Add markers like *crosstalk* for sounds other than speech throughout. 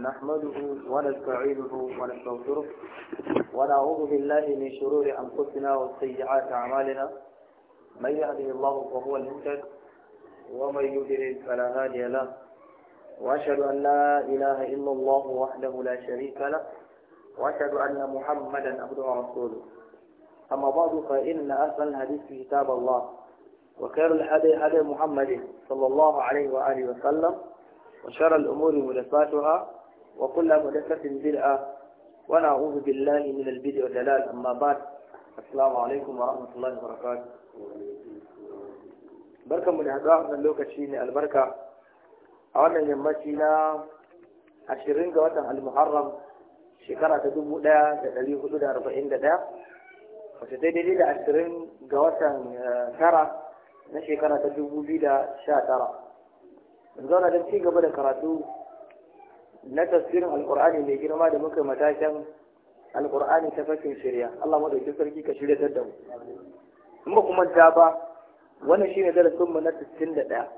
نحمده ونستعينه ونستغفره ونعوذ بالله من شرور أنفسنا وسيئات أعمالنا من يهده الله فهو المهتد ومن يضلل فلا هادي له وأشهد أن لا إله إلا الله وحده لا شريك له وأشهد أن محمدا عبده ورسوله أما بعد فإن أحسن الحديث كتاب الله وخير الحديث هدي محمد صلى الله عليه وآله وسلم وشر الأمور محدثاتها وكل مدفة بدعة ونعوذ بالله من البدع والدلال أما بعد السلام عليكم ورحمة الله وبركاته بركة من هدواء من لوكشين البركة أولا يمشينا عشرين قوة المحرم شكرا تدوم لا تدليه حدود أربعين دا وتدلي دا عشرين جواتا آه، ترى na shekara ta dubu biyu da sha من Zana don ci كراتو na tafsirin alkur'ani mai girma da muka matakin alkur'ani ta fashin shirya Allah madauki sarki ka shirya da mu in ba kuma ta ba wannan shine darasin mu na 61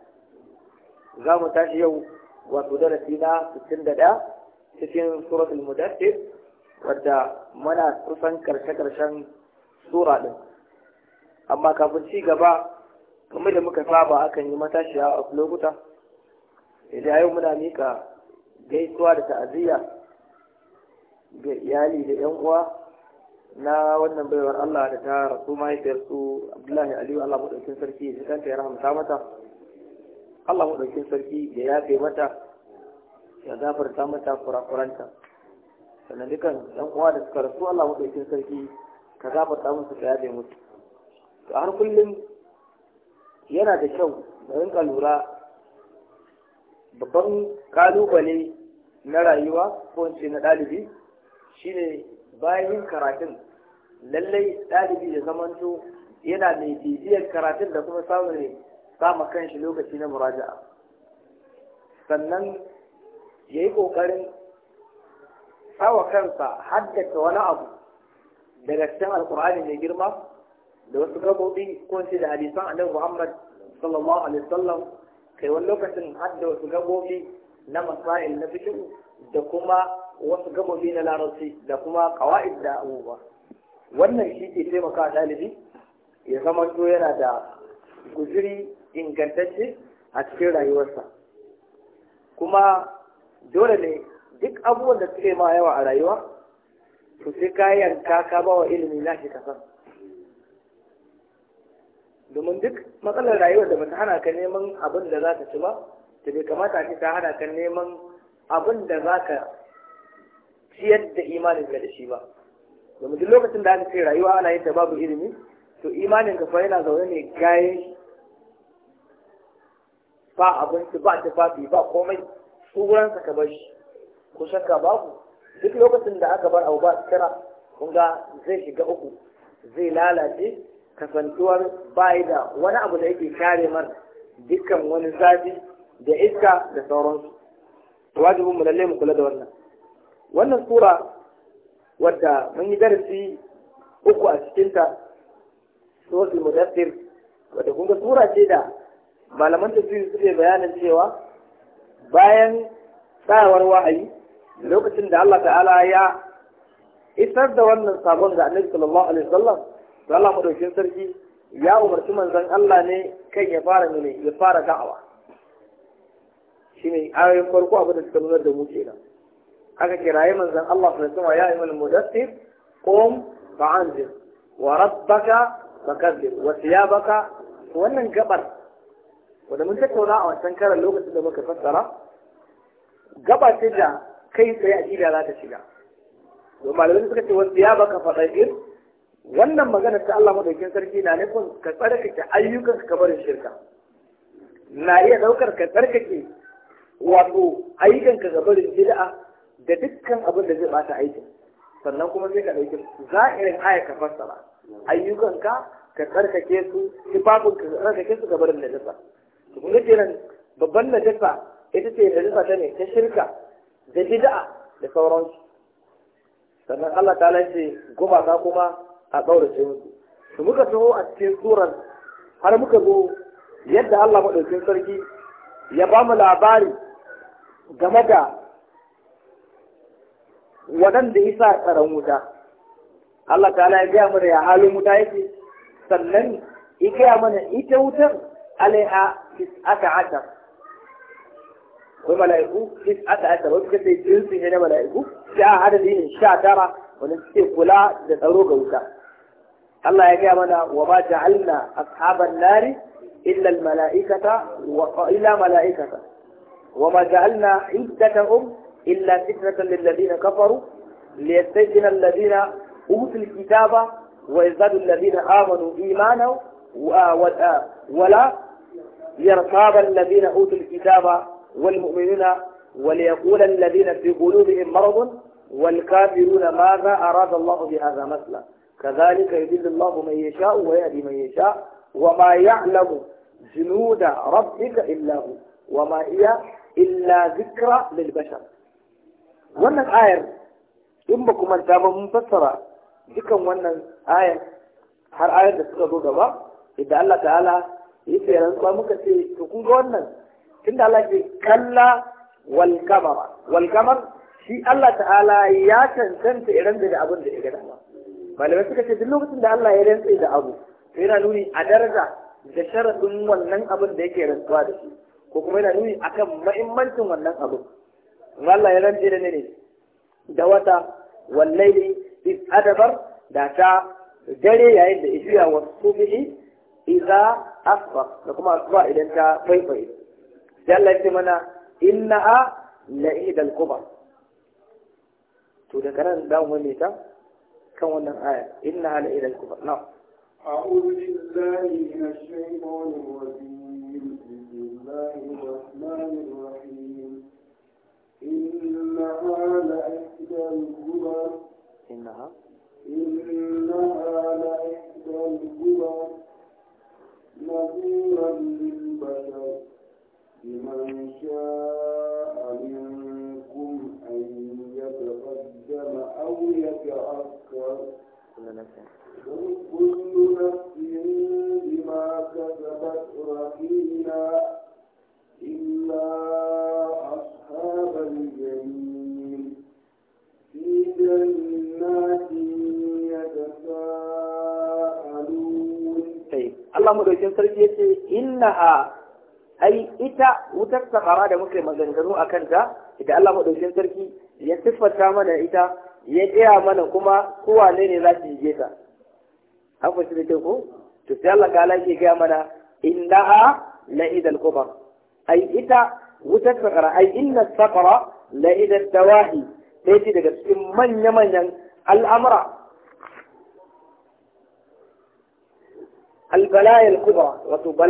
za mu tashi yau wato darasi na 61 cikin suratul mudaththir wadda muna kusan karshe karshen sura din amma kafin ci gaba kamar da muka saba akan yi matashiya a lokuta idan yau muna mika gaisuwa da ta'aziyya ga iyali da yan uwa na wannan baiwar Allah da ta rasu mahaifiyarsu Abdullahi Aliyu Allah maɗaukin sarki da kanta ya rahamta mata Allah maɗaukin sarki da ya kai mata ya gafarta mata kurakuranta sannan dukan yan uwa da suka rasu Allah maɗaukin sarki ka gafarta musu ka yabe musu to har kullum yana da kyau da rinka lura babban kalubale na rayuwa ko ce na ɗalibi shine bayan yin karatun lallai ɗalibi da zamanto yana mai bibiyar karatun da kuma samun sama kanshi lokaci na muraja'a sannan ya yi ƙoƙarin tsawa kansa haddata wani abu daga cikin alkur'ani mai girma da wasu gabobi ko da hadisan annabi muhammad sallallahu alaihi wasallam kai wani lokacin har wasu gabobi na masail na fikin da kuma wasu gabobi na larabci da kuma kawa'id da abubuwa wannan shi ke taimaka ɗalibi ya zama to yana da guziri ingantacce a cikin rayuwarsa kuma dole ne duk abubuwan da suke ma yawa a rayuwa to sai ka yanka ka ba wa ilimi na shi kasan domin duk matsalar rayuwar da bata hana ka neman abin da za ka ci ba to bai kamata ce ta hana ka neman abin da za ka ciyar da imanin ka da shi ba domin duk lokacin da aka ce rayuwa ana yin ta babu ilimi to imanin ka fa yana zaune ne gaye ba abinci ba tufafi ba komai tsuransa ka bashi ko shakka babu duk lokacin da aka bar abu ba tsira kun zai shiga uku zai lalace kasantuwar bayi da wani abu da yake kare mar dukkan wani zafi da iska da sauransu wajibin mu mu kula da wannan wannan sura wadda mun yi darasi uku a cikinta suratul mudaththir wadda kuma sura ce da malaman tafsiri suke bayanin cewa bayan tsayawar wahayi lokacin da Allah ta'ala ya isar da wannan sabon ga Annabi sallallahu alaihi wasallam to Allah madaukin sarki ya umarci manzon Allah ne kan ya fara ne ya fara da'awa ne ayoyin farko abin da suka nuna da mu kenan aka kiraye manzon Allah sallallahu alaihi wasallam ya ayyuhal mudaththir qum fa'anzir wa rabbaka fakazzir wa thiyabaka wannan gabar wanda mun tattauna a wancan karan lokacin da muka fassara gaba ce da kai tsaye a da za ta shiga domin malamai suka ce wa baka fakazzir wannan magana ta Allah madaukin sarki na nufin ka tsarkake ayyukan ka barin shirka na iya daukar ka tsarkake wato ayyukan ka barin bid'a da dukkan abin da zai bata aikin sannan kuma sai ka dauki zahirin aya ka fassara ayyukan ka ka tsarkake su sifafin ka tsarkake su barin najasa to kun ga nan babban najasa ita ce najasa ta ne ta shirka da bid'a da sauransu sannan Allah ta ce gumaka kuma a ƙaurace musu su muka taho a cikin tsoron har muka zo yadda Allah maɗaukin sarki ya ba mu labari game da waɗanda isa tsaron wuta Allah ta ya gaya mana ya halin wuta yake sannan ya gaya mana ita wutar alaiha tis'ata ashar wai mala'iku aka aka wasu yi jinsu ne na mala'iku sai a adadin sha tara wani suke kula da tsaro ga wuta الله يا جماعة وما جعلنا أصحاب النار إلا الملائكة وإلا ملائكة وما جعلنا عدتهم إلا فتنة للذين كفروا ليستجن الذين أوتوا الكتاب ويزداد الذين آمنوا إيمانا ولا يرتاب الذين أوتوا الكتاب والمؤمنون وليقول الذين في قلوبهم مرض والكافرون ماذا أراد الله بهذا مثلا كذلك يدل الله من يشاء ويهدي من يشاء وما يعلم جنود ربك إلا هو وما هي إلا ذكرى للبشر wannan ayar in ba kuma ta mun fassara dukan wannan ayar har ayar da suka zo gaba idan Allah ta'ala ya ce rantsuwa muka ce to kun ga wannan tunda Allah ke kalla wal wal kamar shi Allah ta'ala ya cancanta irin da abin da ya gada ba malamai suka ce duk lokacin da Allah ya rantsa da abu yana nuni a daraja da sharaɗin wannan abin da yake rantsuwa da shi ko kuma yana nuni akan mahimmancin wannan abu in Allah ya rantse da ne da wata wallahi is adabar da ta dare yayin da ishiya wa subhi idza asfa da kuma asuba idan ta faifaye sai Allah ya ce mana innaha la'idal kubra to daga nan da mu ne ta كون wannan آية؟ إن على إلى الكبر نعم أعوذ بالله من الشيطان الرجيم بسم الله الرحمن الرحيم إنها لإحدى الكبر إنها إنها لإحدى الكبر نذيرا للبشر لمن شاء منكم أن يتقدم أو يتأخر كل نفس بما كسبت رهينا إلا أصحاب الجحيم في جنات يتساءلون طيب الله مدوكين سرقية إنها ai ita wutar sakara da muke maganganu a kanta ita Allah maɗaukin sarki ya siffata mana ita ya gaya mana kuma kowane ne za su yi ta an fashi da ku to sai Allah ta'ala ke gaya mana innaha la idal kubar ai ita wutar sakara ai inna sakara la idal dawahi ɗaya ce daga cikin manya-manyan al'amura bala'i ne ne البلايا الكبرى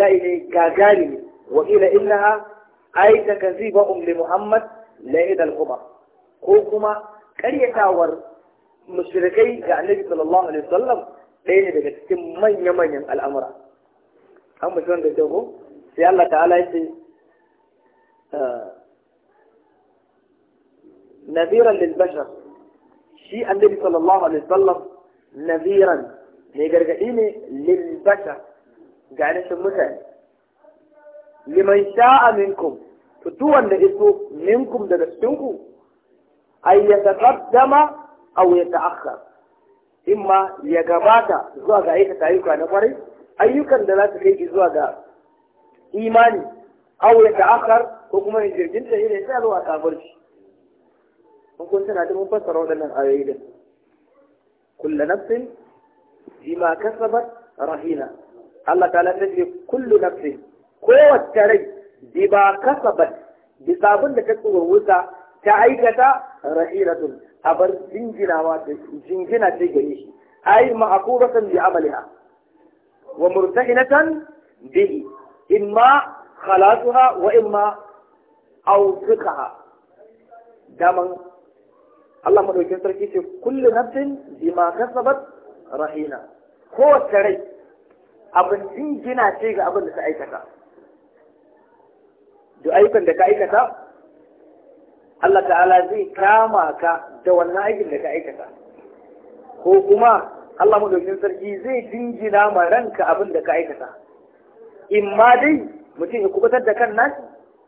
aita كاجاري ba إنها muhammad la لمحمد kubar. Ko kuma. كان تاور مشركي النبي صلى الله عليه وسلم لين بقت من يمن الأمر هم شلون بتجوه في الله تعالى يسي آه، نذيرا للبشر شيء النبي صلى الله عليه وسلم نذيرا نيجرجعيني للبشر قاعد مثال لمن شاء منكم فتوى النبي منكم ده بستنكم Ayyata ya taqaddama aw ya ta'akhkhar imma ya gabata zuwa ga ta ayyuka na kwarai ayyukan da za su kai zuwa ga imani aw ya ko kuma ya jirginta ne sai zuwa kafirci mun kun tana da mun fassara waɗannan ayoyi din kullu nafsin bima kasabat rahina Allah ta'ala ta ce kullu nafsin kowace rai bima kasabat bisa abin da ta tsoron wuta ta aikata rahiratun abar jinginawa da jingina ce gare shi ai ma'akubatan bi amaliha wa murtahinatan bihi imma khalasuha wa imma awfiqaha daman Allah madaukin sarki ce kullu nafsin bima kasabat rahina ko tare abin jingina ce ga abin da ta aikata duk ayyukan da ka aikata Allah ta'ala zai kama ka da wannan aikin da ka aikata ko kuma Allah madaukakin sarki zai dingina ma ranka abin da ka aikata in ma dai mutum ya kubutar da kan nasi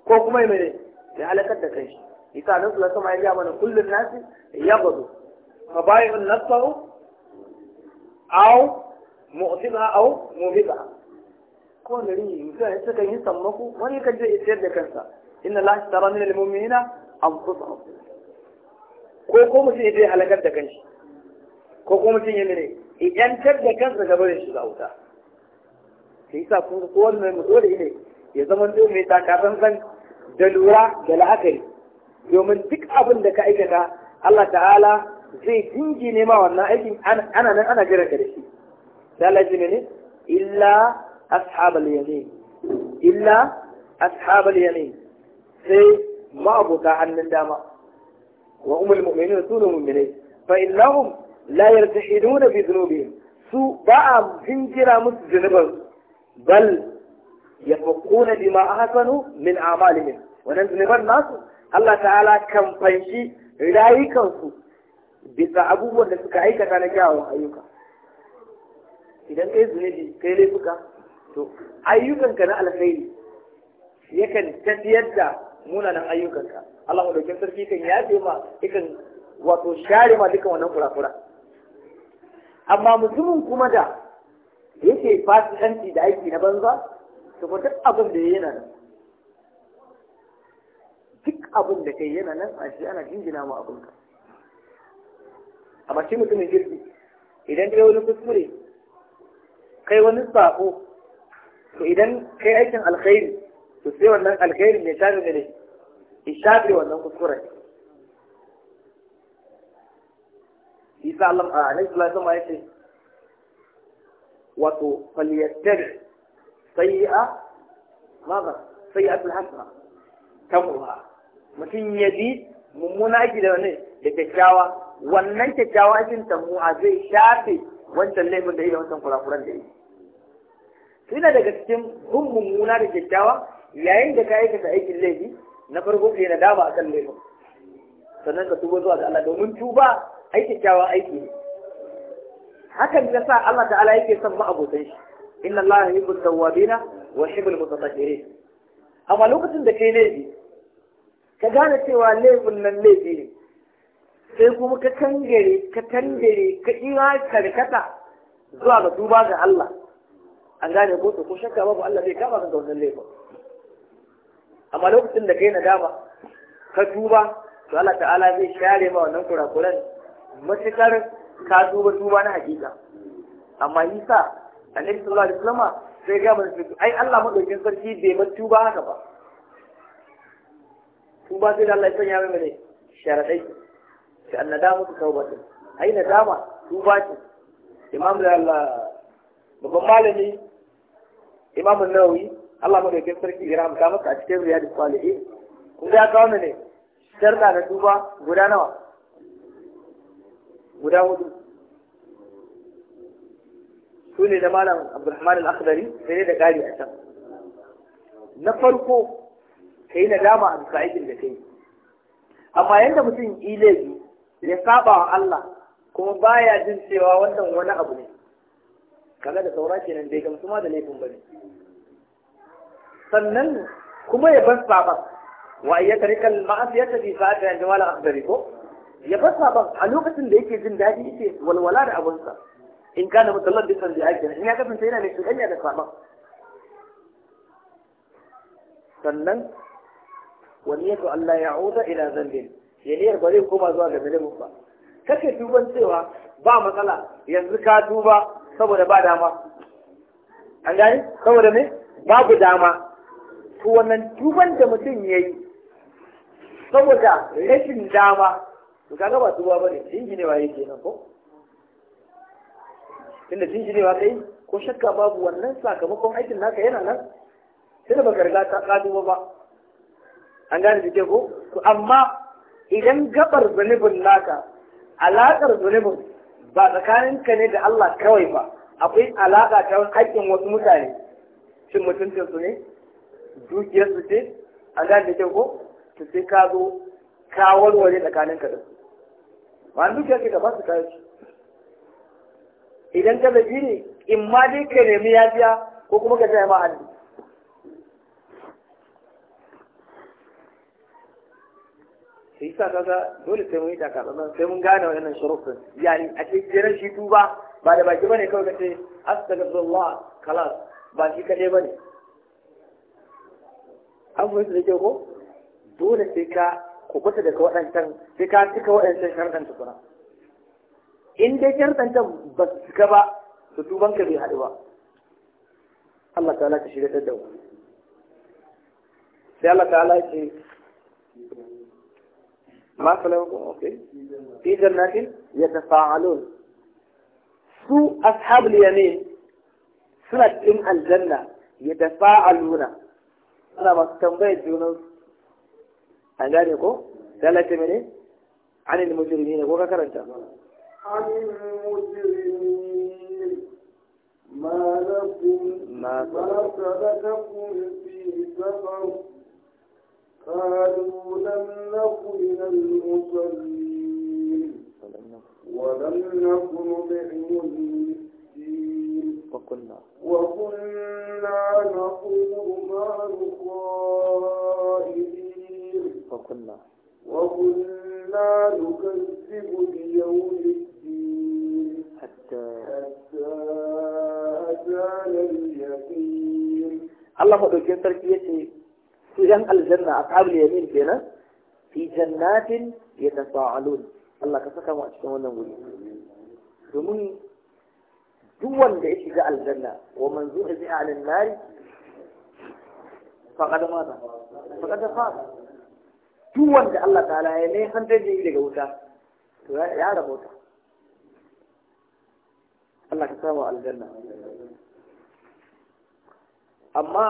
ko kuma ya mere ya halakar da kai isa nan sulasa ma ya mana kullun nasi ya bazu fa bayyun nasaru aw mu'tiba aw mu'tiba ko nari mutum ya saka yin sammako wani kan je ya tsayar da kansa inna la tara min al-mu'minina anfusahum ko ko mutum ya je halakar da kanshi ko ko mutum ya mene idantar da kansa gaba da shiga wuta sai yasa kun ga kowanne mai mutu da ne ya zama to mai takatsantsan da lura da la'akari domin duk abin da ka aikata Allah ta'ala zai jingine ma wannan aikin ana nan ana jiran ka da shi sai Allah ji ne illa ashabal yamin illa ashabal yamin sai ma abota hannun dama wa umul mu'minin su ne mu'minai fa innahum la yartahiduna bi dhunubihim su ba a jinjira musu zunuban bal ya yafquna bima ahsanu min a'malihim wannan zunuban nasu Allah ta'ala kan fanshi rayukansu bisa abubuwan da suka aikata na kyawun ayyuka idan kai zunubi kai laifuka to ayyukanka na alkhairi yakan tafiyar da munanan ayyukanka Allah madaukin sarki kan yafe ma ikan wato share ma dukan wannan kurakura amma mutumin kuma da yake fasikanci da aiki na banza to fa duk abin da yana nan duk abin da kai yana nan a shi ana jingina ma ka. amma shi mutumin jirgi idan kai wani kuskure kai wani sako to idan kai aikin alkhairi to sai wannan alkhairin ya shafe ne ya shafe wannan kuskuren isa Allah a annabi sallallahu sama wasallam wato falyattabi sayi'a maza sayyi'atul hasana tamruha mutum ya bi mummuna aiki da wani da kyakkyawa wannan kyakkyawa aikin tamu'a zai shafe wancan laifin da yi da wancan kurakuran da yi suna daga cikin bin mummuna da kyakkyawa yayin da ka aikata aikin laifi na farko yi na dama akan laifin sannan ka tuba zuwa ga Allah domin tuba aikin kyawawan aiki ne hakan ya sa Allah ta'ala yake son ma'abotan shi inna Allah yuhibbu tawwabina wa yuhibbul mutatahhirin amma lokacin da ka yi laifi ka gane cewa laifin nan laifi ne sai kuma ka kangare ka tangare ka ira karkata zuwa ga tuba ga Allah an gane ko to ko shakka babu Allah zai kama ka ga wannan laifin amma lokacin da kai nadama ka tuba to Allah ta'ala zai share ma wannan kurakuran matukar ka tuba tuba na hakika amma yisa annabi sallallahu alaihi wasallam sai ga mun ai Allah madaukin sarki bai bar tuba haka ba tuba sai Allah ya sanya mai ne dai sai annadamu taubatin ai nadama tuba ce imam da eh, Allah babban malami imam an-nawawi Allah madaukakin sarki ya ramta masa a cikin riyadu salihin kun ga ya wannan ne sharda na duba guda nawa guda hudu su ne da malam abdulrahman al-akhdari sai da gari a can na farko ka yi nadama a bisa aikin da ka yi amma yadda mutum ilabi ya saba wa Allah kuma baya jin cewa wannan wani abu ne kaga da saura kenan bai gamsu ma da laifin bane sannan kuma ya ban saban wa ya tarika ma'asiyata fi sa'ata ya jawala akhdari ko ya ban saban a lokacin da yake jin daɗi yake walwala da abunsa in kana musallar bisan da ake in ya kasance yana mai kanya da saban sannan wani yato Allah ya uza ila zambin ya niyar ba zai koma zuwa ga zalimin ba kake duban cewa ba matsala yanzu ka duba saboda ba dama an gani saboda me babu dama to wannan duban da mutum ya yi saboda rashin dama to kaga ba tuba bane jinjinewa yake nan ko Inda ne jinjinewa kai ko shakka babu wannan sakamakon aikin naka yana nan sai ba baka ta kadu ba an gane da ko to amma idan gabar zunubin naka alaƙar zunubin ba tsakanin ka ne da Allah kawai ba akwai alaƙa ta haƙƙin wasu mutane Shin mutuntun su ne su ce a gane da kyau ko to sai ka zo ka warware tsakanin ka dinsu ma dukiyar ka ba su kayan shi idan ka zabi ne in ma dai ka nemi yafiya ko kuma ka tsaye ma hannu sai sa kaga dole sai mun yi nan, sai mun gane waɗannan shurufin yani a ce jiran shi tuba ba da baki bane kawai ka ce astaghfirullah kalas ba shi kaɗai bane an fahimta da ke ko dole sai ka kubuta daga waɗancan sai ka cika waɗancan sharɗan tukuna in dai sharɗan can ba su cika ba su tuban ka bai haɗu ba Allah ta'ala ka shirya da mu sai Allah ta'ala ce ma salamukum okay fi jannatin yatafa'alun su ashabul yamin suna cikin aljanna yatafa'aluna Ana masu tambayar juna an gane ko lalata mene anil mujrimi ne ko ka karanta anil mujrimi ma lakum ma sadaqakum fi safar قالوا لم نكن من المصلين ولم نكن نطعم الدين وكنا وكنا نقول ما الخائفين وكنا وكنا نكذب بيوم الدين حتى حتى أتانا اليقين الله هو دوكين تركيتي سجن الجنة أصحاب اليمين كنا في جنات يتساءلون الله كسكا ما أشكا ونقول domin duk wanda ya shiga aljanna wa man zuhziha 'anil nar faqad mata faqad fata duk wanda Allah ta'ala ya ne hantar da daga wuta to ya rabota Allah ka samu aljanna amma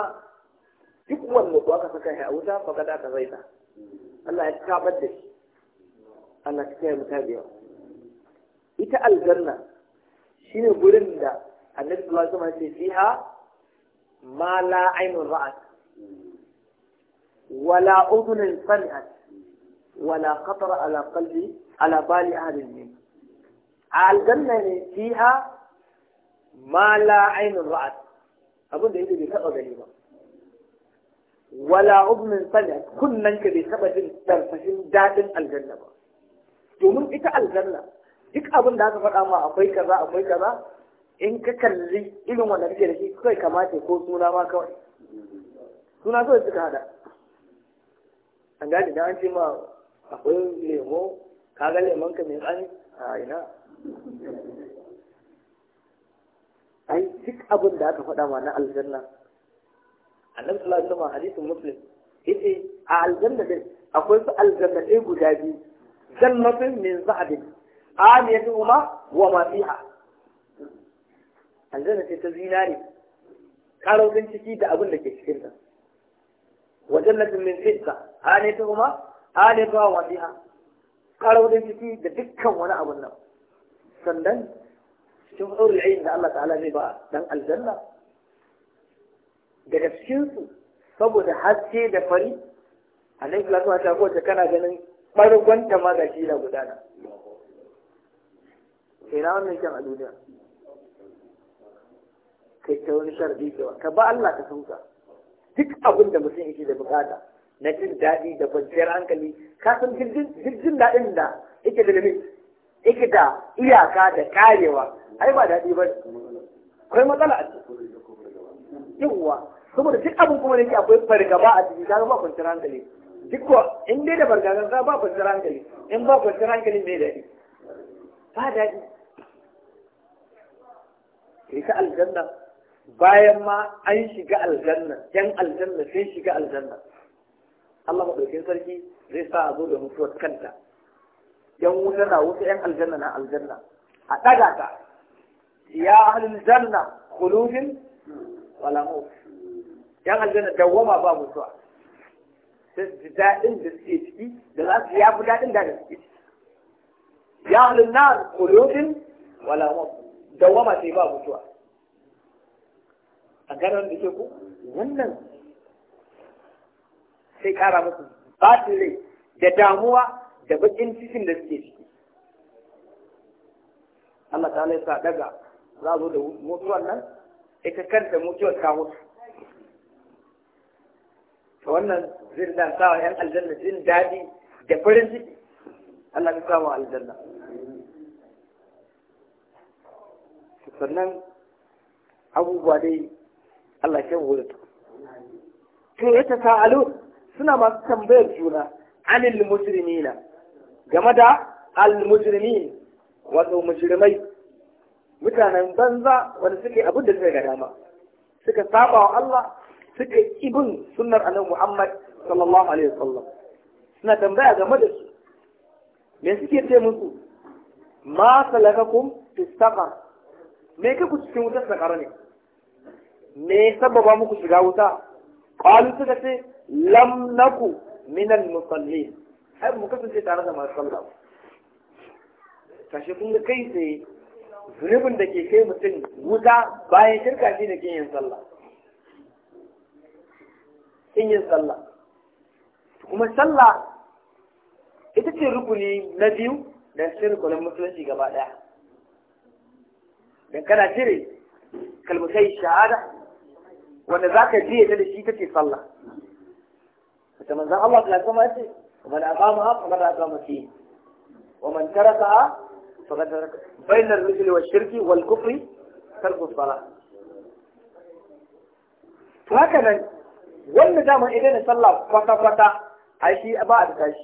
duk wanda ko aka saka shi a wuta faqad aka zaita Allah ya tabar da shi Allah ya kiyaye mutabiya ita aljanna شنو قولنا النبي صلى الله عليه وسلم فيها ما لا عين رأت ولا أذن سمعت ولا خطر على قلبي على بال أهل المين على الجنة فيها ما لا عين رأت أقول ده يجي بيتقى ولا أذن سمعت كل منك بيتقى دليما تنفشن دات الجنة ومن إتقى الجنة duk abin da aka faɗa ma akwai kaza akwai kaza in ka kalli irin wanda kake da shi kai kamata ko suna ma kawai suna kawai suka hada an gani da an ce ma akwai lemo ka ga lemon ka mai tsani a ina ai duk abin da aka faɗa ma na aljanna annabi sallallahu alaihi wasallam hadisin muslim yace a aljanna dai akwai su aljanna ɗaya guda biyu jannatin min za'abin aliyatuhuma wa ma fiha aljanna ce ta zinare karaukin ciki da abin da ke cikin ta wa jannatin min fitta aliyatuhuma aliyatuha wa Karo karaukin ciki da dukkan wani abun nan sannan cikin tsoron yayin da Allah ta'ala zai ba dan aljanna daga cikinsu saboda haske da fari A sallallahu alaihi wasallam kana ganin bargon magashi ma da gudana ina wannan kyan a duniya kai ta wani sharbi kewa ka ba Allah ka sauka duk abin da mutum yake da bukata na jin daɗi da kwanciyar hankali ka san jirgin daɗin da yake da limit yake da iyaka da karewa ai ba daɗi ba ne. akwai matsala a ciki yawwa saboda duk abin kuma da yake akwai fargaba a ciki ka ba kwanciyar hankali duk in dai da fargaba ba kwanciyar hankali in ba kwanciyar hankali mai daɗi ba daɗi kai ka aljanna bayan ma an shiga aljanna yan aljanna sun shiga aljanna Allah maɗaukin sarki zai sa a zo da mutuwar kanta yan wuta na wuta yan aljanna na aljanna a ɗaga ta ya aljanna janna khulufin yan aljanna dawwama ba mutuwa sai daɗin da suke ciki da za su yafi daɗin da suke ciki ya ahlul nar khulufin dawama sai ba mutuwa a ganin da ke ku wannan sai kara musu batin rai da damuwa da bakin cikin da suke ciki Allah ta sa daga za zo da mutuwar nan ita kanta mutuwar ta mutu ta wannan zai dan sawa yan aljanna jin daɗi da farin ciki Allah ya samu aljanna sannan abubuwa dai Allah ya wurin to ya ta sa'alu suna masu tambayar juna anil mujrimina game da al mujrimin wato mujrimai mutanen banza wanda suke abin da suka ga dama suka saba wa Allah suka ibin sunnar annabi Muhammad sallallahu alaihi wasallam suna tambaya game da su me suke ce musu ma salakakum fi saqar me kai ku cikin wutar sakara ne me sababa muku shiga wuta su ka ce lam naku min al ai mu kasance tare da masu sallah kashe kun ga kai sai zunubin da ke kai mutum wuta bayan shirka shi da ke yin sallah in yin sallah kuma sallah ita ce rukuni na biyu da cikin rukunin musulunci gaba ɗaya لأن كان تري كلمتي الشهادة وأن ذاك الشيء الذي شيتك يصلى فمن ذا الله لا سمعت ومن أقامها فمن أقام فيه ومن تركها فقد ترك بين الرجل والشرك والكفر ترك الصلاة فهكذا وأن دام إلينا صلى فتا فتا أي شيء بعد كاش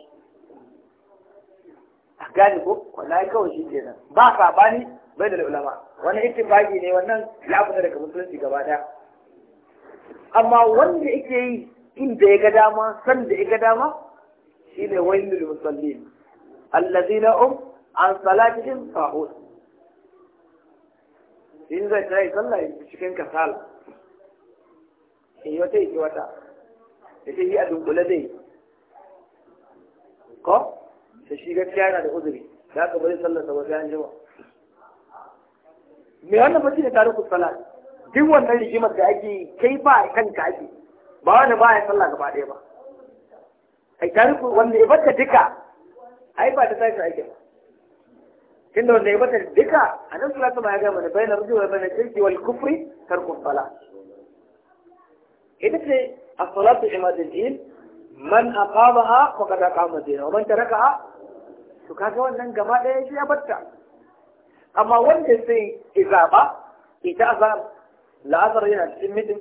أحكاني بوك ولا يكون شيء كذا بعد bai da ulama wannan ittifaqi ne wannan ya fita daga musulunci gaba daya amma wanda yake yi inda ya ga dama san da ya ga dama shine wailul musallin allazina um an salatihim sahun in zai tsaye sallah cikin kasala in wata yi wata da ta yi a dunkule dai ko ta shi gaskiya na da uzuri da aka bari sallar sa wajen jima me wannan fashi da tarihi salat duk wannan rigimar da ake kai ba a ka ake ba wani ba ya sallah gaba ɗaya ba ai tarihin wanda ya bata duka ai ba ta tashi ake ba tunda wanda ya bata duka a nan salatu ma ya gama da bayan rujo wa bayan shirki wal kufri tarkun salat ita ce a salatu da il man aqamaha faqad aqama dinahu man ha, su kaga wannan gaba ɗaya shi ya batta amma wanda sai izaba ita azar la'azar yana cikin mitin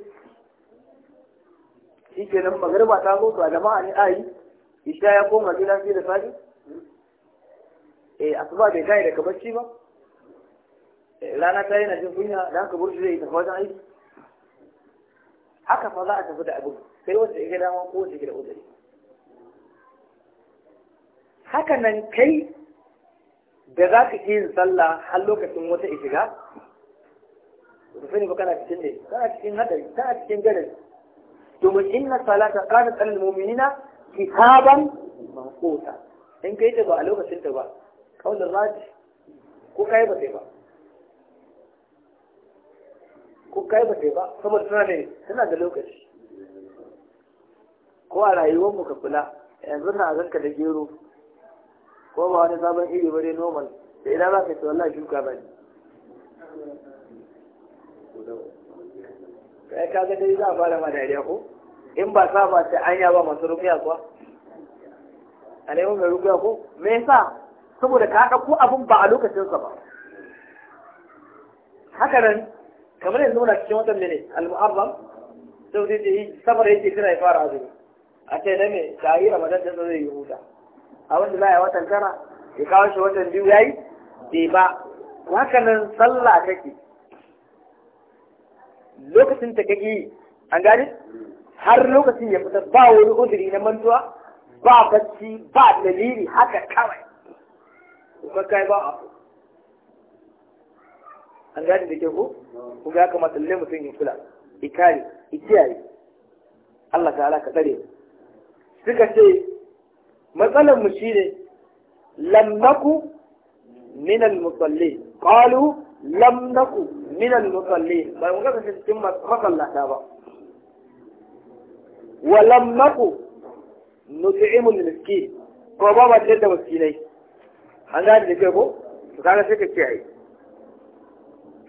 shi ke nan magariba ta zo to a jama'a ne ayi isha ya koma gida fiye da Sani. eh asuba bai kai da kabarci ba eh, rana ta yana jin kunya da haka burji zai tafi wajen aiki haka fa za a tafi da abin sai wacce ya ga dama ko wanda ya ga uzuri haka nan kai da za ka yin sallah har lokacin wata ishiga ba sani ba kana cikin ne kana cikin hadari kana cikin gadari domin inna salata kana tsarin mu'minina kitaban makota in yi ta ba a lokacin ta ba kaunar raji ko kai ba sai ba ko kai ba sai ba saboda suna ne suna da lokaci ko a rayuwar mu ka kula yanzu na zanka da gero ko ba wani sabon iri ba dai normal da idan za ka ce wallahi shuka ba ne kai ka ga dai za a fara ma dariya ko in ba sa ba ta anya ba masu rufiya kuwa a neman mai rufiya ko me yasa saboda ka ku abin ba a lokacinsa ba haka nan kamar yanzu muna cikin watan mene al-muharram sau da yake samar yake suna ya fara azumi a ce na me ta yi ramadan da zai yi huta a wanda za a yi watan tara ya kawo shi watan biyu ya yi bai ba hakanan sallah kake. lokacin ta kake an gani har lokacin ya fita ba wani uzuri na mantuwa ba bacci ba dalili haka kawai kuma kai ba a an gani da ke ko kuma ya kamata lalle mutum ya kula ikari ikiyaye Allah Ta ala ka tsare suka ce matsalar mu shine lam naku min al musalli qalu lam naku min al musalli ba mu ga cikin masallata ba wa lam naku nut'imu al miskin ko ba ba da miskinai an gane da ko to kaga sai ka kiyaye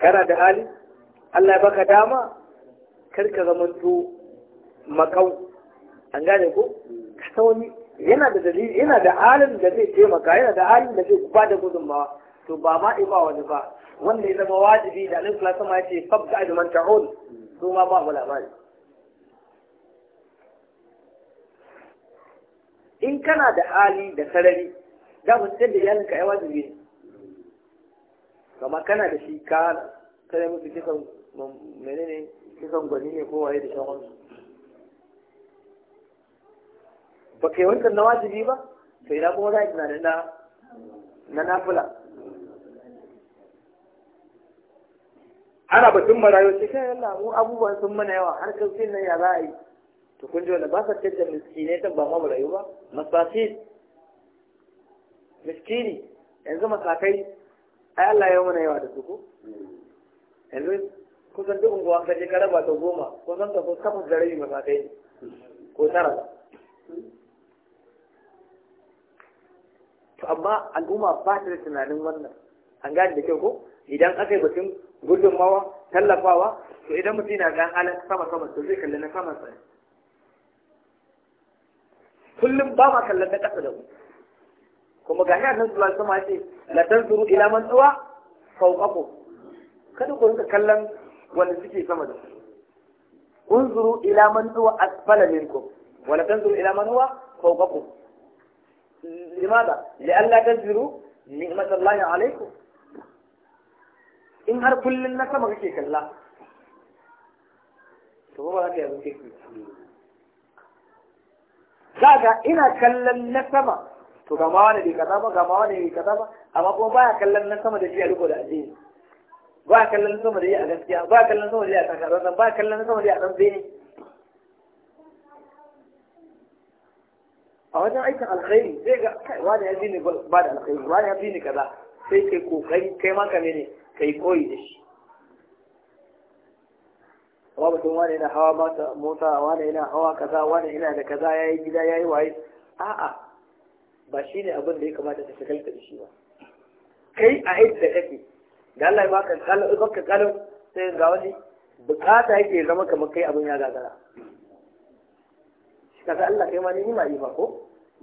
kana da hali Allah ya baka dama kar ka zamanto makau an gane ko ka ta wani yana da dalili yana da halin da zai taimaka yana da halin da zai ba da gudunmawa to ba ma ba wani ba wanda ya zama wajibi da alaihi sama ce yace fabda ajman ta'ul su ma ba mu labari in kana da hali da sarari za mu sai da iyalinka ai wajibi ne kama kana da shi ka kare musu kisan menene kisan gwani ne ko waye da shawansu ba kai wancan na wajibi ba to ina kuma za a yi tunanin na na nafila ana batun marayu sai kai Allah mu abubuwan sun mana yawa har sai nan ya za a yi to kun ji wanda ba sa tattar miskinai ta ba ma marayu ba masafi miskini yanzu masakai ai Allah ya mana yawa da su ko yanzu kusan duk unguwa ka je ka raba ta goma kusan ka ko kafa da rabi masakai ko tara to amma al'umma ba ta da tunanin wannan an gane da kyau ko idan aka yi batun gudunmawa tallafawa to idan mutum yana gan halin sama sama to zai kalli na sama sa kullum ba ma kallon na ƙasa da mu kuma ga nan zuwa sama ce la suru ila man tsawa fawqakum kada ku rinka kallon wanda suke sama da ku unzuru ila man huwa asfala minkum wa la suru ila man huwa fawqakum لماذا لئلا تجبروا نعمة الله عليكم in har kullum na sama kake kalla to ba za ka yanzu ke za ga ina kallon na sama to gama ma wani bai kaza ba Gama ma wani bai kaza ba amma kuma baya kallon na sama da shi a riko da addini baya kallon sama da shi a gaskiya baya kallon sama da shi a takarar takararren baya kallon sama da shi a ɗan zai a wajen aikin alkhairi zai ga kai wani ya ni ba da alkhairi wani ya ni kaza sai kai kokari kai maka ne ne kai koyi da shi amma mutum wani yana hawa mata mota wani yana hawa kaza wani yana da kaza ya yi gida ya yi waye a'a ba shi ne abin da ya kamata ka shagalta da shi ba kai a yadda kake da Allah ya baka kalau baka kalon sai ga wani bukata yake zama kamar kai abin ya gagara kaga Allah kai ma ni'ima ma ko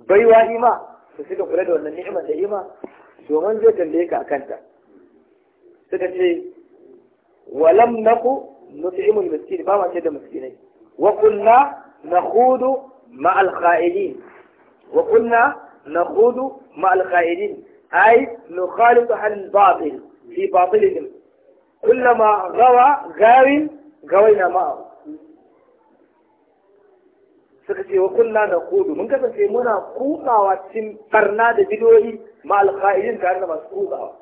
baiwa ima to suka kula da wannan ni'imar da ma? domin zai tambaye ka kanta. suka ce walam naku nut'imul miskin ba ma ce da miskinai wa kunna nakhudu ma al kha'ilin wa kunna nakhudu ma al kha'ilin ay nukhalitu hal batil fi batilihim kullama gawa gawin gawaina ma'ahu suka ce wa kulla na kudu mun kasance muna kukawa cikin barna da bidoyi ma alƙa'idin tare da masu kutsawa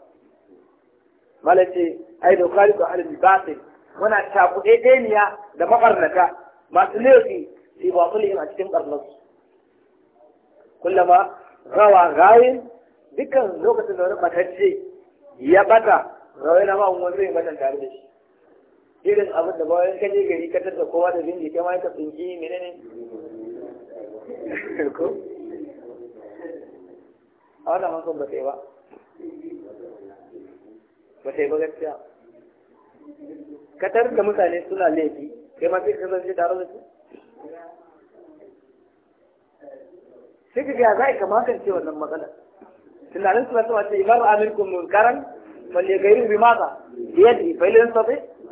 ce ai da kaliku halin sai muna cakuɗe ɗeniya da mabarnata masu laifi fi batulihim a cikin su. kullama rawa gayin dukkan lokacin da wani matacce ya bata rawai na ma'un wani zai tare da shi irin abin da bayan kaje gari ka tattar kowa da bindi kai ma ka tsinki menene *laughs* ko a wannan hankali ba sai ba ba sai ba gaskiya katar da mutane suna laifi kai ma sai ka kasance tare da su sai ka ga za a kama kan ce wannan matsalar tunanin suna sama ce imar amirkun munkaran falle gairu bi maza yadda ifailin sabai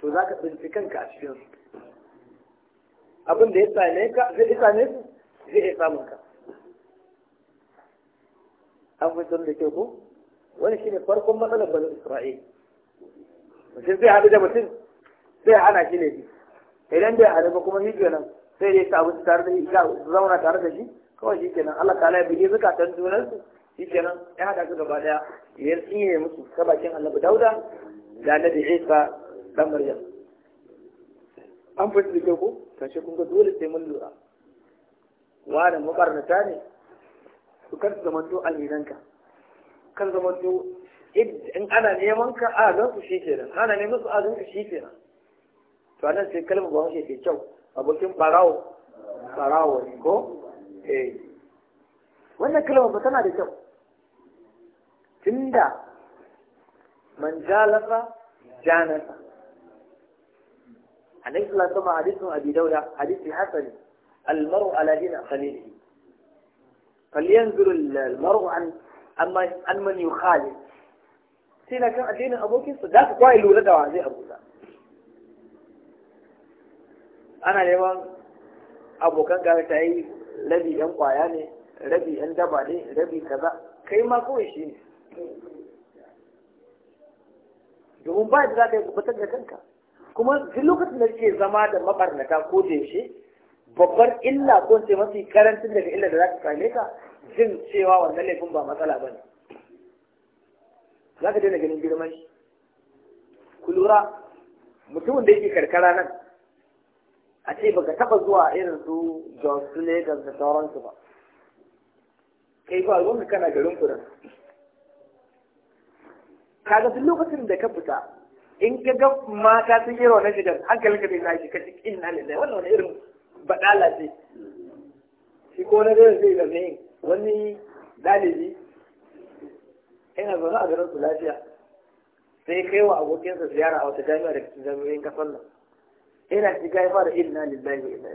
to za ka tsinci kanka a cikin su abin da ya same ka zai same su zai iya samun ka an fi da kyau ko wani shi ne farkon matsalar banin isra'il mutum zai haɗu da mutum sai hana shi ne idan bai haɗu ba kuma shi nan, sai dai ta abinci tare da shi zauna tare da shi kawai shi kenan Allah ta ya buge zukatan su shi kenan ya haɗa su gaba ɗaya ya tsiye musu ta bakin annabi dauda da annabi isa dan maryam an fahimci da ko kashe kun ga dole sai mun lura wani mabarnata ne su kan zamanto alminanka kan zamanto in ana neman ka a zan su shi kenan ana neman su a zan ka shi kenan to anan sai kalmar ba wace ke kyau abokin barawo barawo ne ko eh wannan kalmar ba tana da kyau tunda man jalasa janasa annabi sallallahu alaihi wasallam hadisin abi dauda hadisi hasani almaru ala dina khalilihi falyanzuru almaru an amma an man yukhalil sai na kan addinin abokinsa da ka kwaye lura da wa zai abuta ana neman abokan gari ta yi rabi yan kwaya ne rabi yan daba ne rabi kaza kai ma kawai shi ne domin ba da za ka yi kubatar da kanka kuma duk lokacin da suke zama da mabarnata ko da yaushe babbar illa ko ce mafi karancin daga illa da za ka same ka jin cewa wannan laifin ba matsala ba ne za ka daina ganin girman shi ku lura mutumin da yake karkara nan a ce baka taba zuwa irin su John Lagos da sauransu ba kai ba ruwan kana garin ka ga duk lokacin da ka fita in ka ga mata sun yi rawa na shigar hankalin ka zai tashi ka ci na lillahi wannan wani irin badala ce shi ko na zai zai zai yin wani dalibi ina zaune a garin su lafiya sai kai wa abokinsa ziyara a wata jami'a da cikin jami'o'in kasar nan ina shi ya fara na lillahi wa inna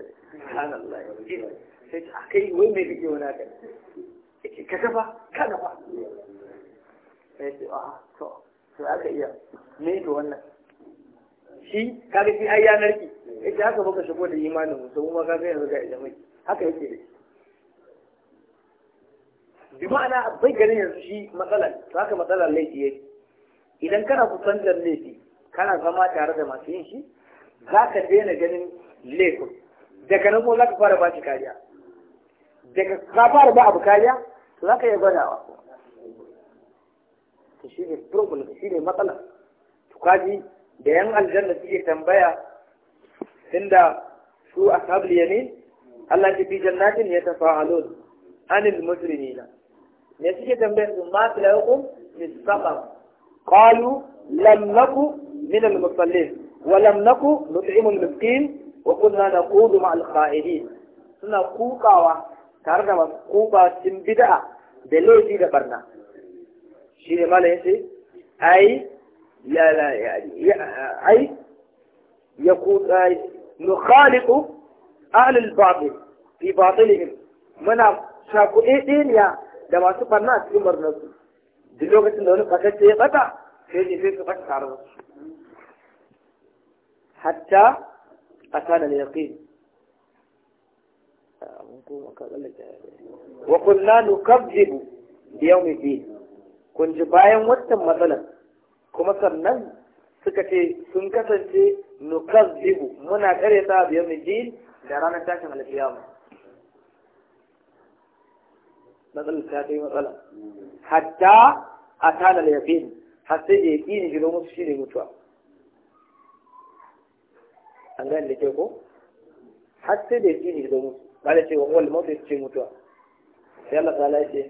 ilaihi sai ta ah, kai wai mai kake wani haka ka kafa ka kafa sai ce a ah, to sai aka iya me to wannan shi kaga shi ai ya narki ita haka baka shigo da imanin mu to kuma kaga yanzu ga ilimai haka yake da bi ma'ana bai ganin yanzu shi matsalar to haka matsalar laifi yake idan kana kusantar laifi kana zama tare da masu yin shi za ka daina ganin laifin daga nan kuma za ka fara ba shi kariya daga ka fara ba abu kariya to za ka iya gwadawa to shi ne problem shi ne matsala to kaji da yan aljanna suke tambaya inda su ashabul yamin Allah ya fi jannatin ya tafa'alun anil mujrimina ne suke tambayar su ma tilakum misqam qalu lam naku min al musallin wa lam naku nut'imu al miskin wa kunna ma al qa'idin suna kukawa tare da masu kuka cikin bid'a da laifi da barna شيء ما ليس أي لا لا يعني أي يقول أي نخالق أهل الباطل في باطلهم منا شاكو إيه دين يا دما سبحان الله عمر نبي دلوقتي تندون قصة شيء قطع في في في قصة حتى أتانا اليقين وقلنا نكذب بيوم الدين kun ji bayan watan matsalar kuma sannan suka ce sun kasance nukas zibu muna kare ta biyar ji da ranar tashin alfiyama matsalar ta kai matsala hatta a tanar fi har sai da ni shiga musu shi ne mutuwa an gani da ke ko har sai da ni shiga musu ba da ce wa wal mawta ce mutuwa sai Allah ta lafiya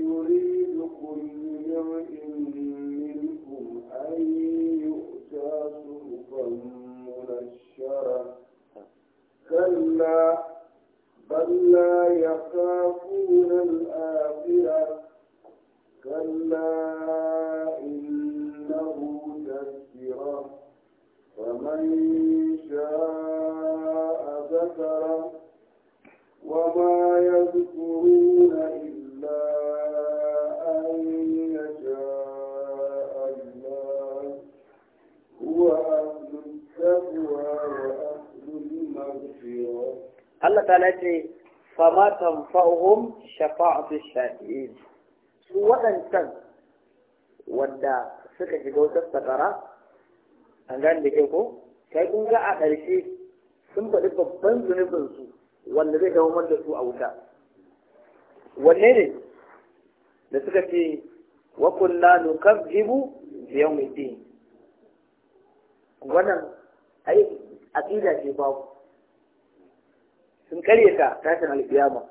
كلا بل لا يخافون الآخرة كلا إنه تذكرة فمن شاء ذكره وما يذكر Allah ta ce famatan fa’uhum shafa'atu shafi'in su waɗancan wanda suka shiga wutar sakara an gane da ke ko kai kun ga a ƙarshe sun faɗi babban zunubin su wanda zai dawamar da su a wuta wanne ne da suka ce wa kunna nukazzibu bi yawmiddin wannan ai aqida ce babu sun kare ta kafin alƙiyama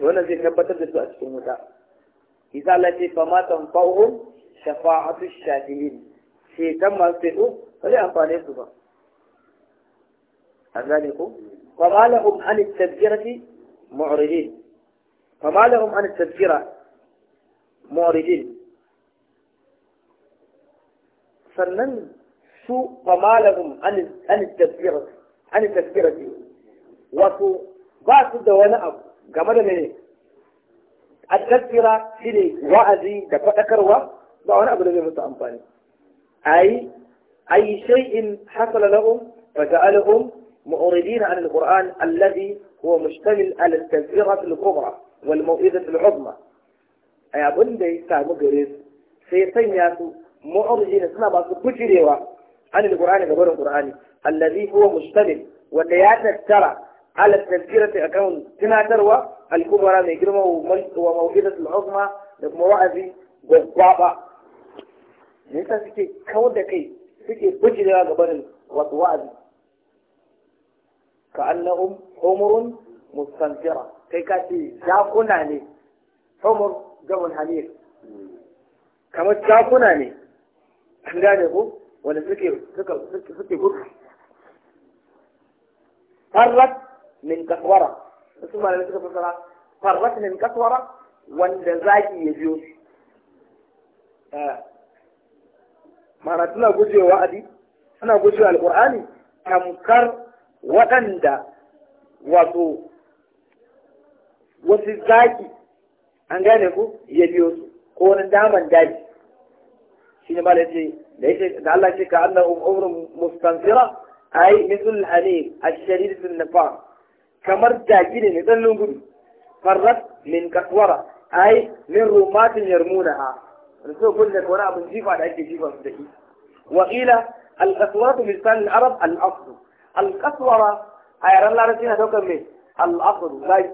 wannan zai tabbatar da su a cikin wuta isa Allah ce fa ma tanfa'uhum shafa'atu shafi'in ceton masu ceto ba zai amfane su ba an gane ko fa ma lahum an tadhkirati mu'ridin fa ma lahum an tadhkira mu'ridin sannan su fa ma lahum an tadhkira an tadhkira wato ba su da wani abu game da mene at shi ne wa'azi da faɗakarwa ba wani abu da zai musu amfani ai ai shay'in hasala lahum fa ja'alahum mu'ridin 'an al-Qur'an alladhi huwa mushtamil 'ala at-tazkira al-kubra wal maw'izah al-'uzma ay abun da ya samu gare su sai sanya su mu'ridin suna ba su kujirewa 'an al-Qur'an gaban al Qur'ani alladhi huwa mushtamil wanda ya tattara ala a akan tunatarwa al-kubra mai girma wa mawhidat al-uzma da kuma wa'azi gaggaba ne ta suke kawar da kai suke bujira gaba da wasu wa'azi ka annahum umurun mustanfira kai ka ce jakuna ne umur gaban hamir kamar jakuna ne an gane ko wanda suke suke suke gudu Farrat min kaswara su malamai suka fassara farrat min kaswara wanda zaki ya biyo shi eh. ma'ana tana gujewa wa'adi tana gujewa alqur'ani tamkar waɗanda wato wasu zaki an gane ku ya biyo su ko wani daman daji shi ne malai ce da yake da Allah ce ka Allah umrun mustanfira ai mithl al-hanif ash-shadid fi an-nafar kamar jaki ne mai tsananin gudu farrat min kaswara ai min rumatin yarmunaha so kun da wani abin jifa da ake jifa su da shi wa qila al qaswaratu bi lisan al arab al asl a yaran larabci na daukar me al asl zaki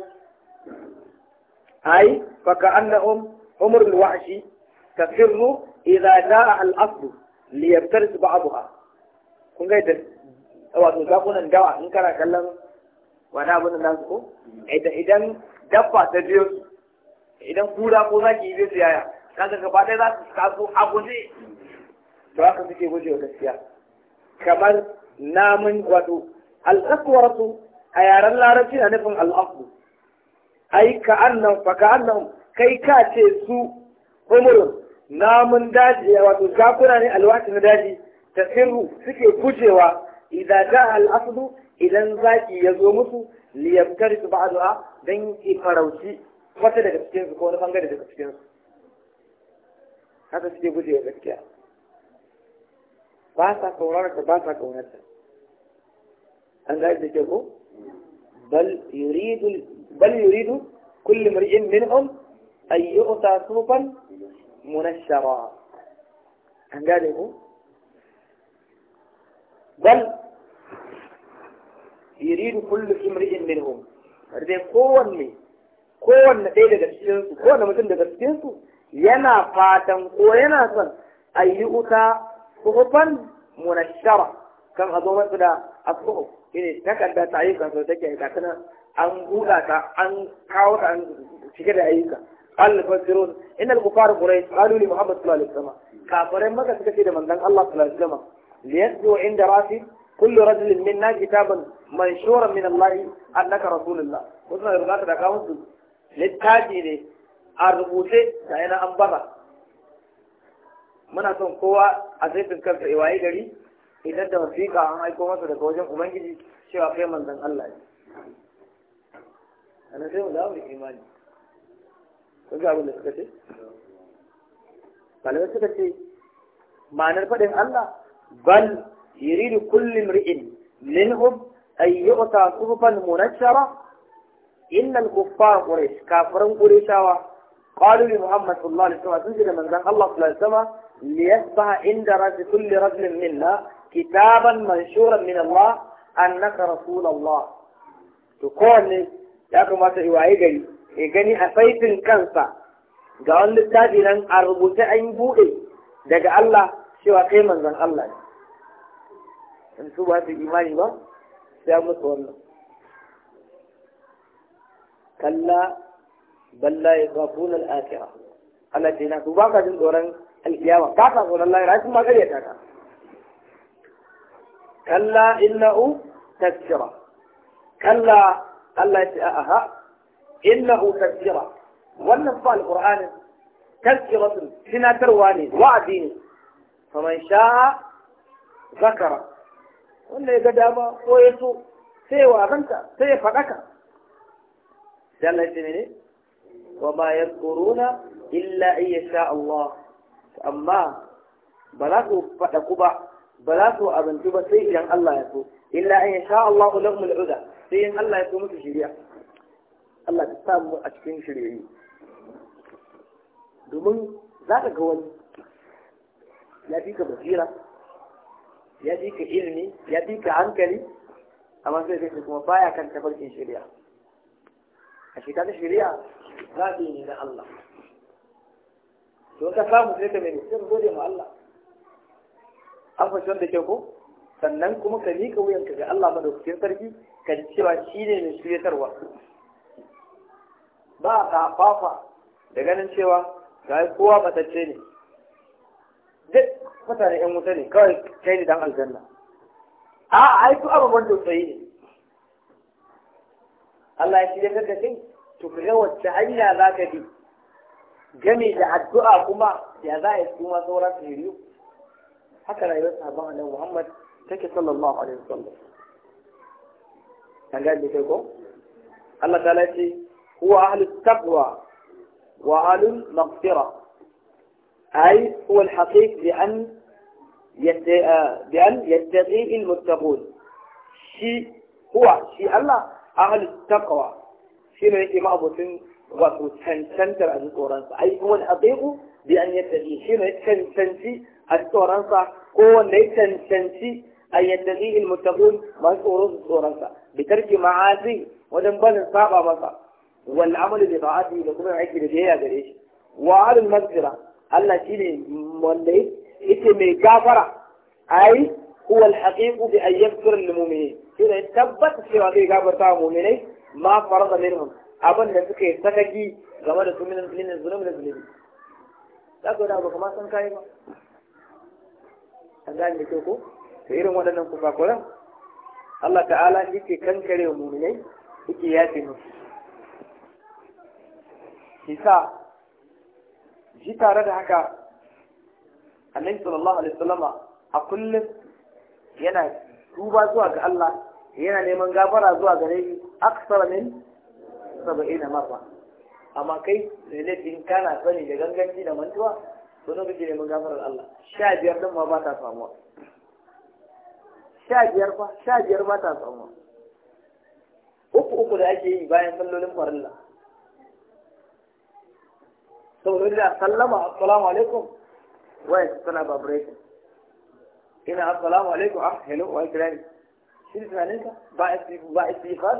ai fa ka annahum umr al wahshi tafirru idza liyabtar su ba abu ha, kun ga da wato zakunan dawa in kana kallon wani abin da nasu ko idan dabba ta biyo su idan kura ko zaki biyo su yaya kaga gaba ɗaya za su kasu a guje to haka suke guje wa gaskiya kamar namun wato su a yaren larabci na nufin al'akwu ai ka annan fa ka annan kai ka ce su umurin namun daji wato kakuna ne alwati na daji ta sirru suke gujewa idan da al'aslu idan zaki ya zo musu liyabtar su ba ba'duha dan farauci wata daga cikin su ko wani bangare daga cikin su haka suke wa gaskiya ba sa kaurar ta ba sa kaunar ta an ga da ke ko bal yuridu kulli yuridu min mar'in minhum an yu'ta sufan munashara an gane da ko bal يريد كل امرئ منهم dai kowanne kowanne ɗaya daga cikin su kowanne mutum daga cikin su yana fatan ko yana son ayi uta suhufan munashara kan a zo masa da asuhu shine takarda ta ayyuka so take ga kana an buɗa ta an kawo an cike da ayyuka قال الفاسرون إن الكفار قريش قالوا لمحمد صلى الله عليه وسلم كافرين مكة سكتي لمن الله صلى الله عليه وسلم ليسجوا عند راسه kullu rajulin minna kitaban manshuran min Allah annaka rasulullah wasu da rubuta da kawun su littafi ne a rubuce da yana an muna son kowa a zaifin kansa ya waye gari idan da wasiƙa an aiko masa daga wajen ubangiji cewa kai manzon Allah ne ana sai mu dawo imani ko ga abin suka ce malamai suka ce ma'anar faɗin Allah bal يريد كل امرئ منهم أن يؤتى صحفا منشرة إن الكفار قريش كافرون قريشا قالوا لمحمد صلى الله عليه وسلم تنزل من ذنب الله صلى الله عليه وسلم ليصبح عند كل رجل منا كتابا منشورا من الله أنك رسول الله تقول ya kamata yi waye gari ya gani a saitin kansa ga wani littafi nan a rubuce an buɗe daga Allah cewa kai manzon Allah ne in su ba su imani ba sai musu wannan kalla balla ya kuna al'akira ana ce na su ba ka jin tsoron alkiyama ka sa tsoron lahira sun ma karyata ka kalla inna'u tazkira kalla Allah ya ce a a'a innahu tazkira wannan fa alqur'anin tazkiratun tunatarwa ne wa'adi ne faman sha'a zakara wanda ya ga dama ko ya so sai ya wazanta sai ya faɗaka sai Allah ya ce mene wa ma yadhkuruna illa in yasha Allah amma ba za su ku ba ba za su abinci ba sai idan Allah ya so illa an yasha Allah lahum al'uda sai in Allah ya so musu shiriya Allah ta samu a cikin shiriyoyi domin za ka ga wani ya fi ka basira ya ka ilimi ya ka hankali amma sai kai kuma baya kan tafarkin shari'a a shekara shari'a zaɓi ne na Allah to ka samu sai ka mai sai gode ma Allah an fashe wanda ke ko sannan kuma ka miƙa wuyanka ga Allah madaukakin sarki ka ji cewa shi ne mai shiryatarwa ba a fafa da ganin cewa ga kowa matacce ne duk mutane yan wuta ne kawai kai ni dan aljanna a ai su ababen dutsayi ne Allah ya shirya da kai to ka ga wacce hanya za ka bi game da addu'a kuma ya za a yi kuma sauran su shiryu haka rayuwar sahabban annabi Muhammad take sallallahu alaihi wasallam kan ga da kai ko Allah ta ce huwa ahlus taqwa wa ahlul maghfirah أي هو الحقيق بأن يست... بأن يتقي المتقون شيء هو شيء الله أهل التقوى شيء يكي ما أبو سن واتو تنسنتر التورنس أي هو الحقيق بأن يتقي سن سن يتنسنتي التورنس هو ليس سن سن يتنسنتي أن يتقي المتقون ما تورنس التورنس بترك معاصي بل صعب مصر والعمل بطاعته لكم عيش لجيه هذا جريش وعلى المغفرة Allah shi ne wanda yake mai gafara ai huwa al-haqiqu bi an yaghfira da mu'minin shi ne tabbata cewa zai gafarta wa mu'minai ma farada minhum abin da suka yi sakaki game da su minan zulmin zulmin zulmi za ka da ba kamar san kai ba an gani da ko to irin waɗannan kuran Allah ta'ala yake kankare wa mu'minai yake yafe musu shi sa shi tare da haka annabi sallallahu alaihi wasallama a kullum yana tuba zuwa ga Allah yana neman gafara zuwa gare shi aksar min 70 marra amma kai ne laifin kana sani da ganganci da mantuwa ga ne neman gafarar Allah sha biyar din ma ba ta samuwa sha biyar fa sha biyar ba ta samuwa uku uku da ake yi bayan sallolin farilla saboda ina sallama assalamu alaikum waya tana vibration ina assalamu alaikum ah hello wa kirani shi ne tunaninka ba ba istighfar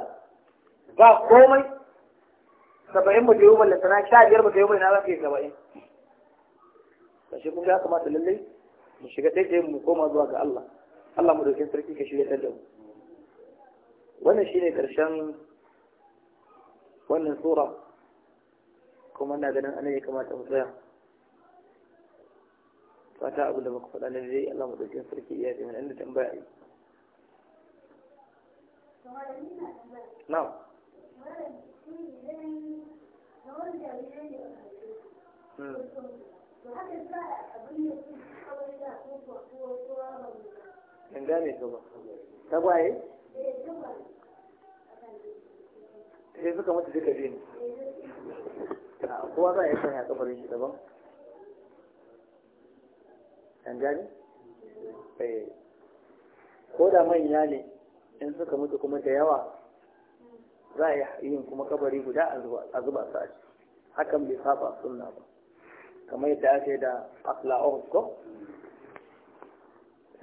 ba komai saba'in ba ta yi mallaka na sha biyar ba ta mai na za ka yi saba'in kashe kun ya kamata lallai mu shiga ɗaiɗaya mu koma zuwa ga Allah Allah mu dauke sarki ka shirya da mu wannan shi ne karshen wannan tsoron. kuma na ganin anan ya kamata mu tsaya fata abu da muka faɗa na dai Allah mu dauke sarki iya zai inda tambaya yi na'am in hmm. ka ba tagwaye sai eh, suka mutu duka biyu kowa za a yi sanya kabarin shi daban an gani? Eh. ko da manya ne in suka mutu kuma da yawa za a yi yin kuma kabari guda a zuba su a hakan bai saba sunna ba kamar yadda ake da asla'on ko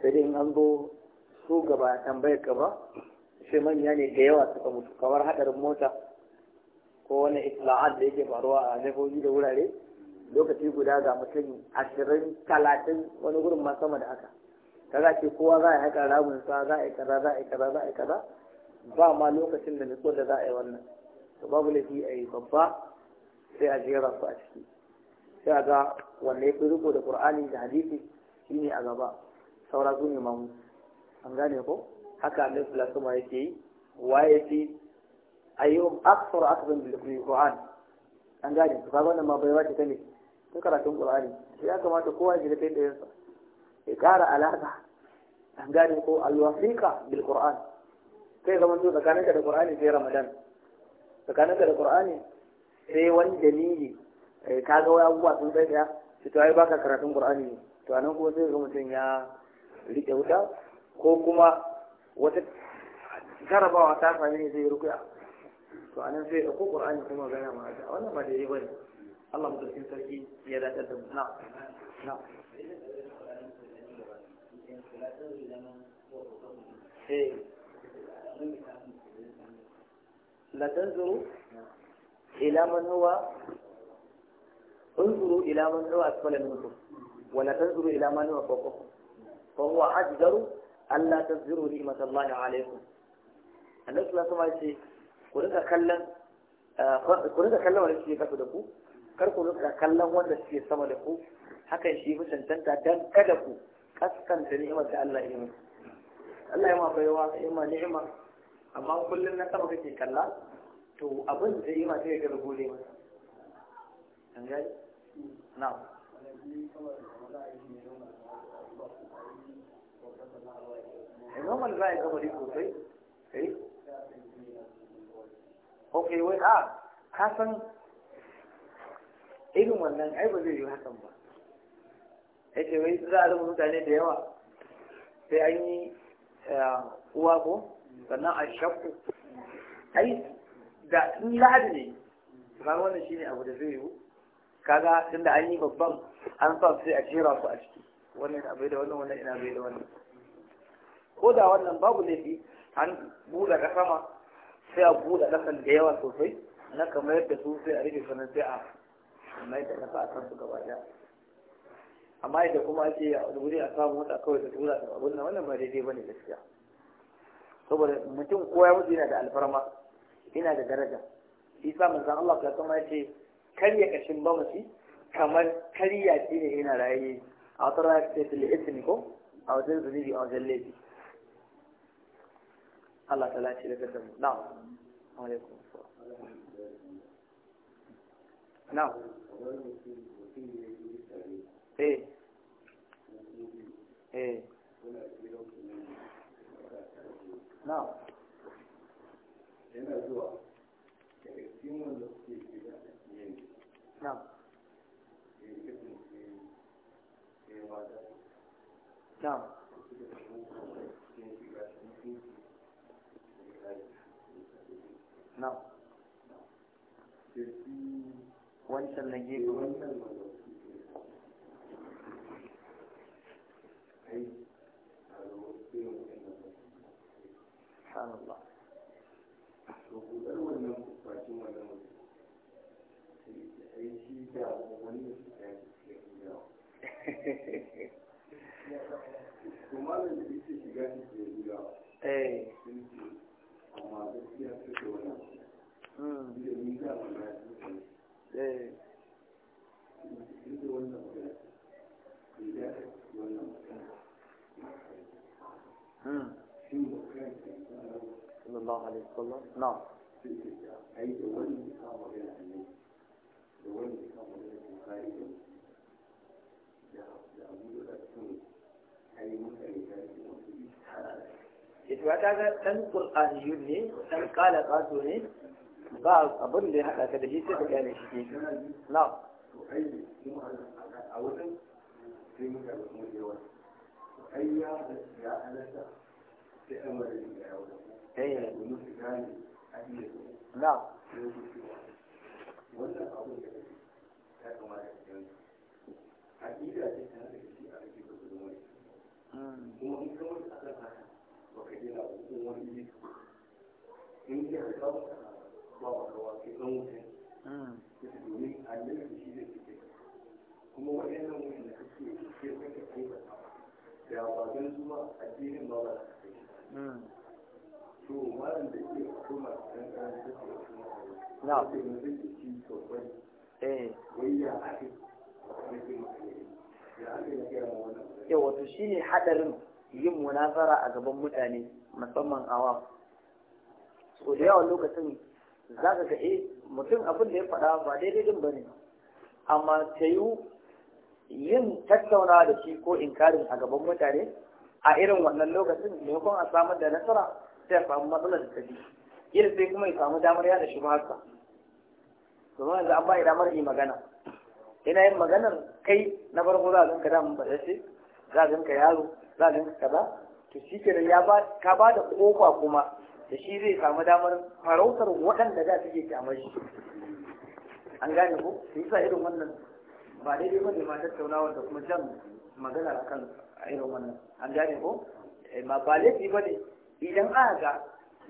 sai an zo su gaba tambayar gaba shi manya ne da yawa suka mutu kamar haɗarin mota ko wani isla'ad da yake faruwa a nufofi da wurare lokaci guda ga mutum ashirin talatin wani gurin ma sama da haka kaga ce kowa za a yi haka ramin sa za a yi kaza za a yi kaza za a yi kaza ba ma lokacin da nutsuwar da za a yi wannan to babu laifi a yi babba sai a jera su a ciki sai a ga wanne ya fi riko da qur'ani da hadisi shine a gaba saura su ne mamu an gane ko haka annabi sallallahu alaihi wasallam yake yi waye ayyuhum akthar akhdhan bil qur'an an gane to kaga wannan ma bai wace ta ne ta karatun qur'ani sai ya kamata kowa ya kai da yansa ya kara alaka an gane ko alwasiqa bil qur'an kai zaman to tsakaninka da qur'ani sai ramadan tsakaninka da qur'ani sai wani dalili ka ga wani abubuwa sun tsaye ya shi to ai baka karatun qur'ani ne to anan kuma sai ga mutum ya rike wuta ko kuma wata jarabawa ta same ne zai rukuya to nan sai ko qur'ani kuma gana ma haka wannan ba daidai bane Allah mutum sarki ya dace da na na eh. la tanzuru ila man huwa انظروا إلى من هو أسفل منكم ولا تنظروا إلى من هو فوقكم فهو أجدر ألا تنظروا نعمة الله عليكم النبي صلى الله عليه وسلم Eh, ku rika kallon wanda suke kasu da ku kar ku rika kallon wanda suke sama da ku hakan shi fi cancanta dan kada ku kaskanta ni'imar da Allah ya muku Allah ya ma yawa ka ima ni'ima amma kullum na sama kake kalla to abin da yi ma sai ka gode masa an gani eh, a yi kamar sosai eh? ok wai a kasan irin wannan ai ba zai yi hakan ba ce wai za a zama mutane da yawa sai an yi eh, uwa ko sannan a shakku ai da in lahadi ne kamar wannan shine abu da zai yi kaga da an yi babban an sa sai a jera ku a ciki wannan abai da wannan wannan ina bai da wannan ko da wannan babu laifi an buɗe ka sai a buɗe ɗasan da yawa sosai na kamar yadda su sai a rike sanar sai a mai da ƙasa a kan su gaba ɗaya amma yadda kuma ake a wuri a samu wata kawai da tura da abin nan wannan ba daidai ba ne gaskiya saboda mutum ko ya mutu yana da alfarma yana da daraja shi sa manzon Allah ka kuma ya ce karya kashin bamaci kamar karya ce ne yana raye a wata rana ce tilisini ko a wajen zunubi a wajen laifi Allah ta lati daga da mu na'am alaikum na'am eh eh na'am yana zuwa daga cikin na wancan na gefe eh, *laughs* صلى الله عليه وسلم نعم Ita ta ga ɗan ƙul'aniyun ne, ɗan ƙalaƙato ne, ba abin da ya haɗa ka da shi sai ka gane shi na a wurin sai eh. da domin a iya na wannan da kamata a ta a da kuma kuma in ka a kan haka ba ka gina wani wani ne in ka ba wa kawa sai ɗan wuce ya fi domin annabi da shi zai fice kuma waɗannan wuce da kake ke kake aibata da ba da su ba addinin ba ba su to malam da ke kuma ɗan ɗan da ke kuma na sai mutum da shi sosai wai ya ake wato shi ne haɗarin yin munazara a gaban mutane musamman awa so da yawan lokacin za ka ga eh mutum abin da ya faɗa ba daidai din bane amma ta yin tattauna da shi ko inkarin a gaban mutane a irin wannan lokacin maimakon a samar da nasara sai a samu matsalar da ta yin sai kuma ya samu damar yada shi haka domin yanzu an bai damar yi magana ina yin maganar kai na farko za a ganka da mun bada ce za a ganka yaro za a kaza to shi ya ba ka ba da kofa kuma da shi zai samu damar farautar waɗanda za su je kyamar shi an gane ko su yi sa irin wannan ba daidai ba ne ma tattaunawa da kuma jan magana kan irin wannan an gane ko ma eh, ba laifi ba ne idan aka ga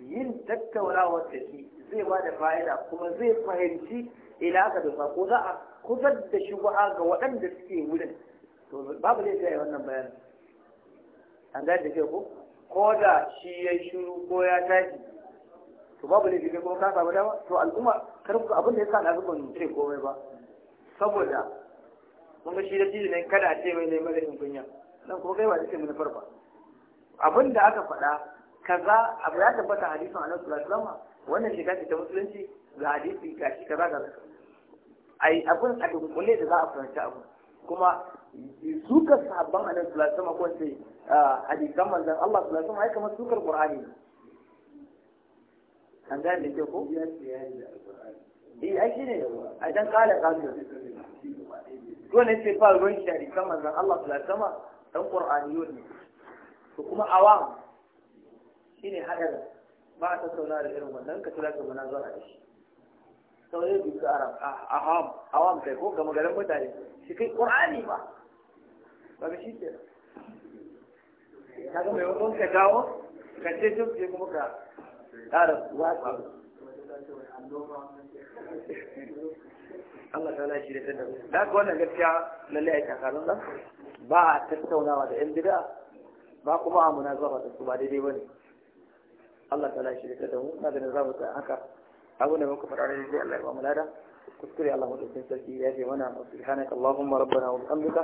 yin tattaunawar da shi zai ba da fa'ida kuma zai fahimci ina aka dosa ko za a kusa da shi ga waɗanda suke wurin to babu laifi a wannan bayanin an gane da ke ko ko da shi ya shiru ko ya tashi to babu ne jirgin kuma kasa ba dama to al'umma kar ku abin da ya sa na zuban ce komai ba saboda mun ga shi da jiji ne kada a ce mai neman rashin kunya nan kuma kai ba da ce mun farfa abin da aka faɗa kaza abu ya tabbata hadisin annabi sallallahu alaihi wasallam wannan shiga ce ta musulunci ga hadisi ga shi kaza ga ai abin a dunkule da za a fahimci abu kuma sukar sahabban a nan alaihi wasallam a sai hadisan manzan Allah sallallahu alaihi wasallam ai kamar sukar Qur'ani an gane da ke ko eh ai shine a dan kala kasu ko ne sai fa ruwan shi hadisan manzan Allah sallallahu alaihi wasallam dan Qur'aniyun ne to kuma awam ne hadar ba a sauna da irin wannan ka tura ka muna zuwa da shi saurayi bi su arab aham awam kai ko gama garin mutane shi kai qur'ani ba daga shi ke kaga mai wakon ka dawo ka ce sun ce kuma ka ƙara wasu Allah ta lashi da tanda da ka wannan gaskiya lallai ai takarun nan ba a tattaunawa da yan gida, ba kuma a munazaba da su ba daidai ba ne. Allah ta lashi da tanda mu na ganin za mu tsaya haka abu ne muka faɗa ne Allah ya ba mu lada kuskure Allah mu dauke sarki ya ce mana subhanaka allahumma rabbana wa bihamdika